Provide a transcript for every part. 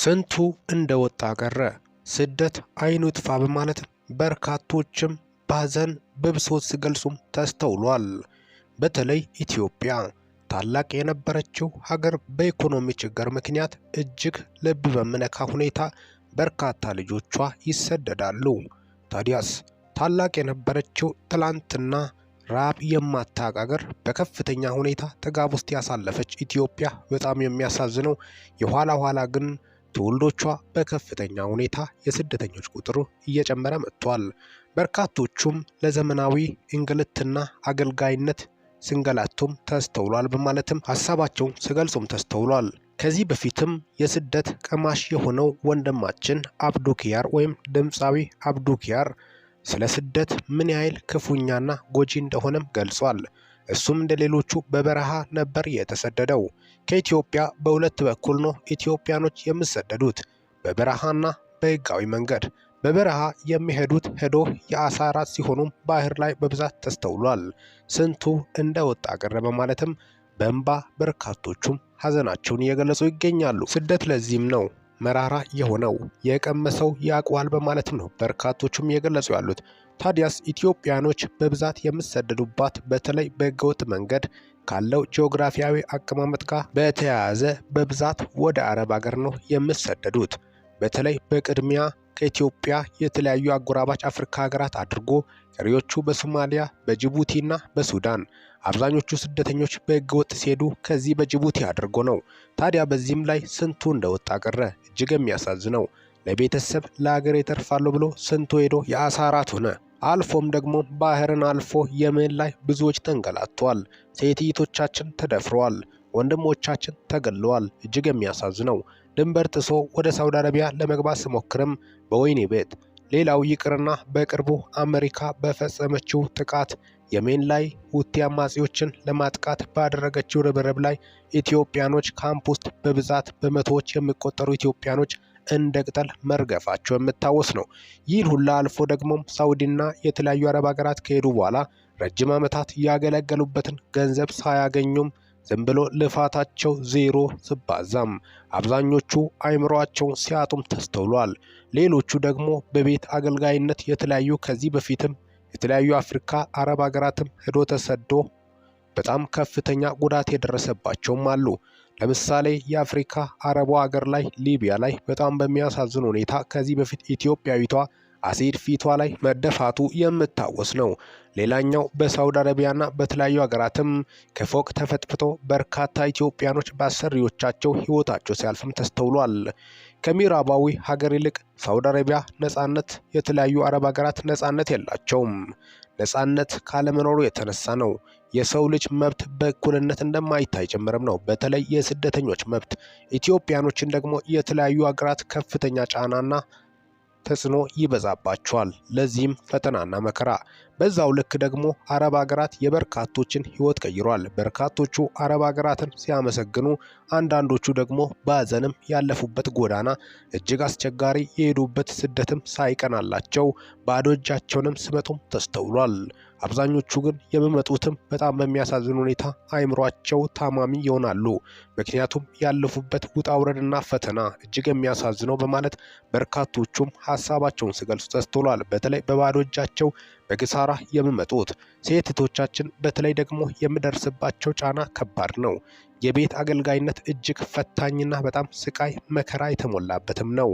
ስንቱ እንደወጣ ቀረ። ስደት አይኑ ይጥፋ በማለት በርካቶችም ባዘን በብሶት ሲገልጹም ተስተውሏል። በተለይ ኢትዮጵያ ታላቅ የነበረችው ሀገር በኢኮኖሚ ችግር ምክንያት እጅግ ልብ በመነካ ሁኔታ በርካታ ልጆቿ ይሰደዳሉ። ታዲያስ ታላቅ የነበረችው ትላንትና ራብ የማታውቅ በከፍተኛ ሁኔታ ጥጋብ ውስጥ ያሳለፈች ኢትዮጵያ በጣም የሚያሳዝነው የኋላ ኋላ ግን ትውልዶቿ በከፍተኛ ሁኔታ የስደተኞች ቁጥሩ እየጨመረ መጥቷል። በርካቶቹም ለዘመናዊ እንግልትና አገልጋይነት ስንገላቱም ተስተውሏል በማለትም ሀሳባቸውን ሲገልጹም ተስተውሏል። ከዚህ በፊትም የስደት ቀማሽ የሆነው ወንድማችን አብዱኪያር ወይም ድምፃዊ አብዱኪያር ስለ ስደት ምን ያህል ክፉኛና ጎጂ እንደሆነም ገልጿል። እሱም እንደ ሌሎቹ በበረሃ ነበር የተሰደደው። ከኢትዮጵያ በሁለት በኩል ነው ኢትዮጵያኖች የሚሰደዱት፣ በበረሃና በህጋዊ መንገድ። በበረሃ የሚሄዱት ሄዶ የአሳ ሲሆኑም ባህር ላይ በብዛት ተስተውሏል። ስንቱ እንደወጣ ቀረ በማለትም በእንባ በርካቶቹም ሀዘናቸውን እየገለጹ ይገኛሉ። ስደት ለዚህም ነው መራራ የሆነው የቀመሰው ያቋል በማለትም ነው በርካቶቹም እየገለጹ ያሉት። ታዲያስ ኢትዮጵያኖች በብዛት የሚሰደዱባት በተለይ በህገወጥ መንገድ ካለው ጂኦግራፊያዊ አቀማመጥ ጋር በተያያዘ በብዛት ወደ አረብ ሀገር ነው የሚሰደዱት። በተለይ በቅድሚያ ከኢትዮጵያ የተለያዩ አጎራባች አፍሪካ ሀገራት አድርጎ ቀሪዎቹ በሶማሊያ፣ በጅቡቲ እና በሱዳን አብዛኞቹ ስደተኞች በህገ ወጥ ሲሄዱ ከዚህ በጅቡቲ አድርጎ ነው። ታዲያ በዚህም ላይ ስንቱ እንደወጣ ቀረ። እጅግ የሚያሳዝነው ለቤተሰብ ለሀገር የተርፋለሁ ብሎ ስንቱ ሄዶ የአሳራት አራት ሆነ። አልፎም ደግሞ ባህርን አልፎ የመን ላይ ብዙዎች ተንገላተዋል። ሴትይቶቻችን ተደፍረዋል። ወንድሞቻችን ተገለዋል። እጅግ የሚያሳዝነው ድንበር ጥሶ ወደ ሳውዲ አረቢያ ለመግባት ሲሞክርም በወይኔ ቤት ሌላው ይቅርና በቅርቡ አሜሪካ በፈጸመችው ጥቃት የመን ላይ ሁቲ አማጺዎችን ለማጥቃት ባደረገችው ርብርብ ላይ ኢትዮጵያኖች ካምፕ ውስጥ በብዛት በመቶዎች የሚቆጠሩ ኢትዮጵያኖች እንደ ቅጠል መርገፋቸው የምታወስ ነው። ይህን ሁላ አልፎ ደግሞም ሳውዲና የተለያዩ አረብ ሀገራት ከሄዱ በኋላ ረጅም ዓመታት ያገለገሉበትን ገንዘብ ሳያገኙም ዝም ብሎ ልፋታቸው ዜሮ ስባዛም አብዛኞቹ አይምሯቸውን ሲያጡም ተስተውሏል። ሌሎቹ ደግሞ በቤት አገልጋይነት የተለያዩ ከዚህ በፊትም የተለያዩ አፍሪካ አረብ ሀገራትም ሄዶ ተሰዶ በጣም ከፍተኛ ጉዳት የደረሰባቸውም አሉ። ለምሳሌ የአፍሪካ አረቡ ሀገር ላይ ሊቢያ ላይ በጣም በሚያሳዝን ሁኔታ ከዚህ በፊት ኢትዮጵያዊቷ አሲድ ፊቷ ላይ መደፋቱ የምታወስ ነው። ሌላኛው በሳውዲ አረቢያና በተለያዩ ሀገራትም ከፎቅ ተፈጥፍቶ በርካታ ኢትዮጵያኖች በአሰሪዎቻቸው ሕይወታቸው ሲያልፍም ተስተውሏል። ከምዕራባዊ ሀገር ይልቅ ሳውዲ አረቢያ ነጻነት፣ የተለያዩ አረብ ሀገራት ነጻነት የላቸውም። ነጻነት ካለመኖሩ የተነሳ ነው የሰው ልጅ መብት በእኩልነት እንደማይታይ ጭምርም ነው። በተለይ የስደተኞች መብት ኢትዮጵያኖችን ደግሞ የተለያዩ ሀገራት ከፍተኛ ጫናና ተጽዕኖ ይበዛባቸዋል። ለዚህም ፈተናና መከራ በዛው ልክ ደግሞ አረብ ሀገራት የበርካቶችን ህይወት ቀይሯል። በርካቶቹ አረብ ሀገራትን ሲያመሰግኑ፣ አንዳንዶቹ ደግሞ በሀዘንም ያለፉበት ጎዳና እጅግ አስቸጋሪ የሄዱበት ስደትም ሳይቀናላቸው ባዶ እጃቸውንም ስመጡም ተስተውሏል። አብዛኞቹ ግን የሚመጡትም በጣም በሚያሳዝን ሁኔታ አይምሯቸው ታማሚ ይሆናሉ። ምክንያቱም ያለፉበት ውጣ ውረድና ፈተና እጅግ የሚያሳዝነው በማለት በርካቶቹም ሀሳባቸውን ሲገልጹ ተስተውሏል። በተለይ በባዶ እጃቸው በግሳራ የምመጡት ሴት እህቶቻችን በተለይ ደግሞ የሚደርስባቸው ጫና ከባድ ነው። የቤት አገልጋይነት እጅግ ፈታኝና በጣም ስቃይ መከራ የተሞላበትም ነው።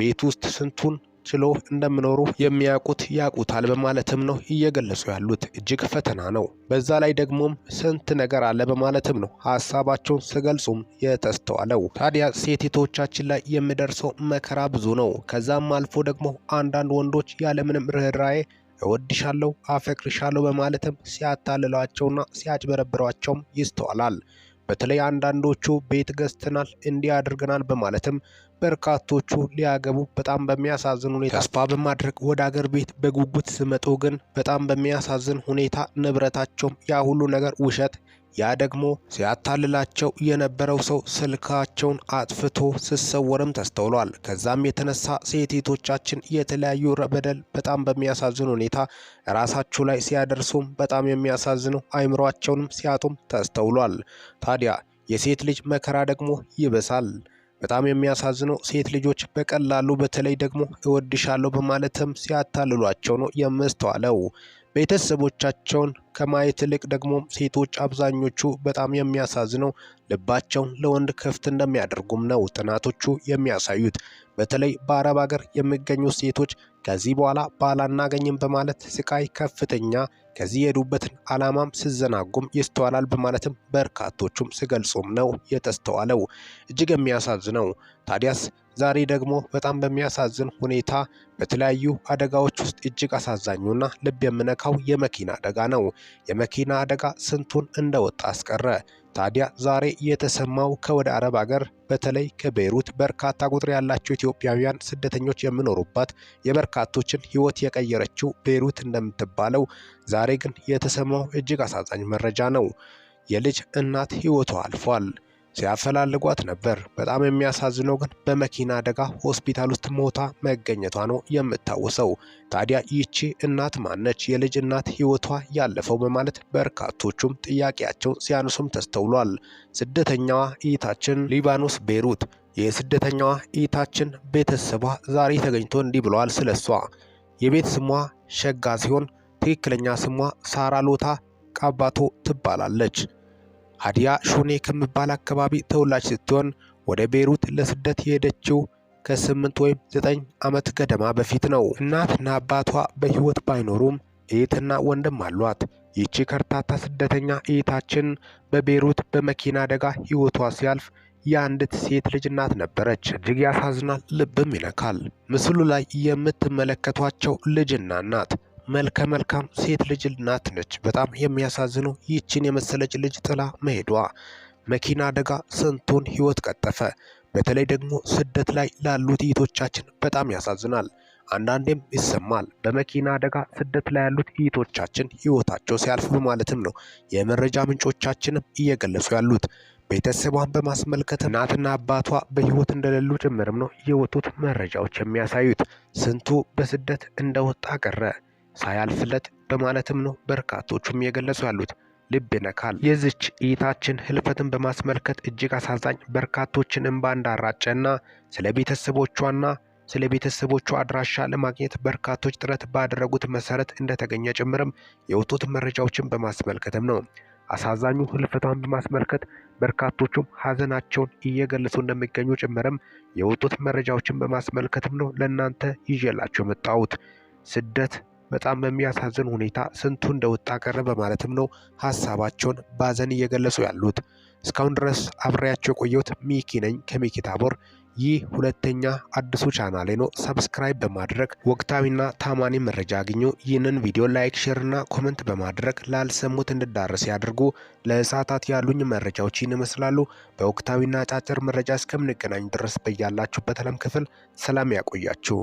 ቤት ውስጥ ስንቱን ችሎ እንደሚኖሩ የሚያውቁት ያውቁታል በማለትም ነው እየገለጹ ያሉት። እጅግ ፈተና ነው። በዛ ላይ ደግሞም ስንት ነገር አለ በማለትም ነው ሀሳባቸውን ስገልጹም የተስተዋለው። ታዲያ ሴቲቶቻችን ላይ የሚደርሰው መከራ ብዙ ነው። ከዛም አልፎ ደግሞ አንዳንድ ወንዶች ያለምንም ርኅራዬ እወድሻለሁ፣ አፈቅርሻለሁ በማለትም ሲያታልሏቸውና ሲያጭበረብሯቸውም ይስተዋላል። በተለይ አንዳንዶቹ ቤት ገዝተናል እንዲህ አድርገናል በማለትም በርካቶቹ ሊያገቡ በጣም በሚያሳዝን ሁኔታ ተስፋ በማድረግ ወደ አገር ቤት በጉጉት ሲመጡ ግን በጣም በሚያሳዝን ሁኔታ ንብረታቸውም ያ ሁሉ ነገር ውሸት ያ ደግሞ ሲያታልላቸው የነበረው ሰው ስልካቸውን አጥፍቶ ሲሰወርም ተስተውሏል። ከዛም የተነሳ ሴቲቶቻችን የተለያዩ በደል በጣም በሚያሳዝን ሁኔታ ራሳቸው ላይ ሲያደርሱም በጣም የሚያሳዝነው አይምሯቸውንም ሲያጡም ተስተውሏል። ታዲያ የሴት ልጅ መከራ ደግሞ ይበሳል። በጣም የሚያሳዝነው ሴት ልጆች በቀላሉ በተለይ ደግሞ እወድሻለሁ በማለትም ሲያታልሏቸው ነው የምስተዋለው። ቤተሰቦቻቸውን ከማየት ይልቅ ደግሞ ሴቶች አብዛኞቹ በጣም የሚያሳዝነው ልባቸውን ለወንድ ክፍት እንደሚያደርጉም ነው ጥናቶቹ የሚያሳዩት። በተለይ በአረብ ሀገር የሚገኙ ሴቶች ከዚህ በኋላ ባል አናገኝም በማለት ስቃይ ከፍተኛ ከዚህ የሄዱበትን ዓላማም ሲዘናጉም ይስተዋላል በማለትም በርካቶቹም ሲገልጹም ነው የተስተዋለው። እጅግ የሚያሳዝነው ታዲያስ ዛሬ ደግሞ በጣም በሚያሳዝን ሁኔታ በተለያዩ አደጋዎች ውስጥ እጅግ አሳዛኙና ልብ የምነካው የመኪና አደጋ ነው። የመኪና አደጋ ስንቱን እንደወጣ አስቀረ። ታዲያ ዛሬ የተሰማው ከወደ አረብ አገር በተለይ ከቤይሩት በርካታ ቁጥር ያላቸው ኢትዮጵያውያን ስደተኞች የሚኖሩባት የበርካቶችን ሕይወት የቀየረችው ቤይሩት እንደምትባለው ዛሬ ግን የተሰማው እጅግ አሳዛኝ መረጃ ነው። የልጅ እናት ሕይወቷ አልፏል። ሲያፈላልጓት ነበር። በጣም የሚያሳዝነው ግን በመኪና አደጋ ሆስፒታል ውስጥ ሞታ መገኘቷ ነው የምታወሰው። ታዲያ ይቺ እናት ማነች? የልጅ እናት ህይወቷ ያለፈው በማለት በርካቶቹም ጥያቄያቸውን ሲያነሱም ተስተውሏል። ስደተኛዋ እይታችን ሊባኖስ ቤሩት የስደተኛዋ እይታችን ቤተሰቧ ዛሬ ተገኝቶ እንዲህ ብለዋል። ስለሷ የቤት ስሟ ሸጋ ሲሆን ትክክለኛ ስሟ ሳራ ሎታ ቃባቶ ትባላለች። አዲያ ሹኔ ከሚባል አካባቢ ተወላጅ ስትሆን ወደ ቤሩት ለስደት የሄደችው ከስምንት ወይም ዘጠኝ ዓመት ገደማ በፊት ነው። እናትና አባቷ በሕይወት ባይኖሩም እህትና ወንድም አሏት። ይቺ ከርታታ ስደተኛ እህታችን በቤሩት በመኪና አደጋ ሕይወቷ ሲያልፍ የአንዲት ሴት ልጅ እናት ነበረች። እጅግ ያሳዝናል፣ ልብም ይነካል። ምስሉ ላይ የምትመለከቷቸው ልጅና እናት መልከ መልካም ሴት ልጅ ናት ነች። በጣም የሚያሳዝነው ይህችን የመሰለች ልጅ ጥላ መሄዷ። መኪና አደጋ ስንቱን ህይወት ቀጠፈ። በተለይ ደግሞ ስደት ላይ ላሉት እህቶቻችን በጣም ያሳዝናል። አንዳንዴም ይሰማል። በመኪና አደጋ ስደት ላይ ያሉት እህቶቻችን ህይወታቸው ሲያልፍ ማለትም ነው የመረጃ ምንጮቻችንም እየገለጹ ያሉት። ቤተሰቧን በማስመልከት እናትና አባቷ በህይወት እንደሌሉ ጭምርም ነው የወጡት መረጃዎች የሚያሳዩት። ስንቱ በስደት እንደወጣ ቀረ። ሳያልፍለት በማለትም ነው በርካቶቹም የገለጹ ያሉት። ልብ ይነካል። የዚች እይታችን ህልፈትን በማስመልከት እጅግ አሳዛኝ በርካቶችን እንባ እንዳራጨና ስለ ቤተሰቦቿና ስለ ቤተሰቦቿ አድራሻ ለማግኘት በርካቶች ጥረት ባደረጉት መሰረት እንደተገኘ ጭምርም የወጡት መረጃዎችን በማስመልከትም ነው። አሳዛኙ ህልፈቷን በማስመልከት በርካቶቹም ሀዘናቸውን እየገለጹ እንደሚገኙ ጭምርም የወጡት መረጃዎችን በማስመልከትም ነው ለእናንተ ይዤላቸው የመጣሁት ስደት በጣም በሚያሳዝን ሁኔታ ስንቱ እንደወጣ ቀረ በማለትም ነው ሀሳባቸውን ባዘን እየገለጹ ያሉት። እስካሁን ድረስ አብሬያቸው የቆየሁት ሚኪ ነኝ ከሚኪ ታቦር። ይህ ሁለተኛ አዲሱ ቻናሌ ነው። ሰብስክራይብ በማድረግ ወቅታዊና ታማኒ መረጃ አግኙ። ይህንን ቪዲዮ ላይክ፣ ሼር እና ኮመንት በማድረግ ላልሰሙት እንድዳረስ ያድርጉ። ለእሳታት ያሉኝ መረጃዎች ይህን ይመስላሉ። በወቅታዊና አጫጭር መረጃ እስከምንገናኝ ድረስ በያላችሁበት ዓለም ክፍል ሰላም ያቆያችሁ።